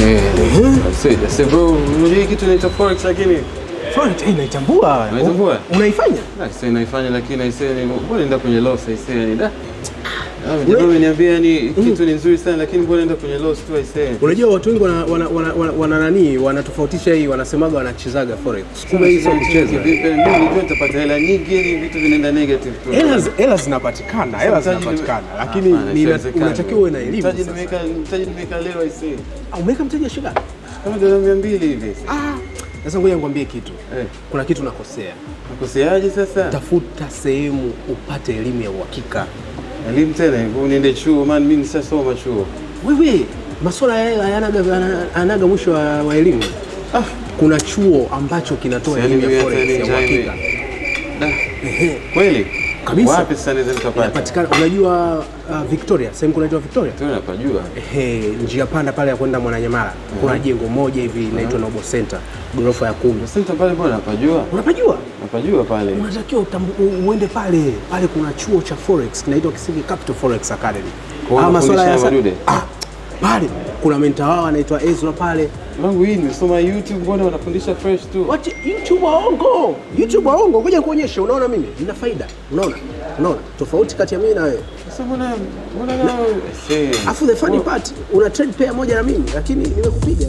Eh? Unajua kitu inaitwa forex lakini forex inaitambua. Eh, Unaifanya? Naifanya lakini aisee, mbona kwenye loss aisee, da Ameniambia yani kitu ni nzuri sana lakini mbona kwenye loss tu aisee. Unajua watu wengi wana wana wana, wana nani wanatofautisha hii wanasemaga wanachezaga forex. Kumbe hii sio Mimi nitapata hela nyingi ili vitu vinaenda negative tu. Hela hela zinapatikana, hela zinapatikana lakini unatakiwa uwe na elimu. Mtaji nimeweka mtaji nimeweka leo aisee. Umeweka mtaji wa shilingi kama dola 200 hivi. Ah, sasa ngoja nikwambie kitu eh. Kuna kitu nakosea. Nakoseaje sasa? Tafuta sehemu upate elimu ya uhakika elimu tena hivyo, niende chuo man, mimi nisasoma chuo. Wewe masuala hayanaga anaga mwisho wa elimu. Ah, kuna chuo ambacho kinatoa elimu ya forex ya uhakika. Kweli? kabisa. Wapi sasa naweza nikapata? Inapatikana, unajua uh, Victoria, sehemu kunaitwa Victoria? Tuna napajua. Ehe, njia panda pale ya kwenda Mwananyamala. Kuna jengo moja hivi inaitwa Noble Center, ghorofa ya 10. Center pale bwana unapajua? Unapajua? Unapajua pale. Unatakiwa uende pale. Pale kuna chuo cha Forex kinaitwa Kisiki Capital Forex Academy. Kwa masuala ya ah pale kuna menta wao anaitwa Ezra pale. Mangu hii nimesoma YouTube, mbona wanafundisha fresh tu. Wacha YouTube waongo. YouTube waongo. Ngoja nikuonyeshe, unaona mimi nina faida. Unaona? Unaona? Tofauti kati ya mimi na wewe. Sasa mbona mbona na Afu the funny part, una trade pair moja na mimi lakini nimekupiga.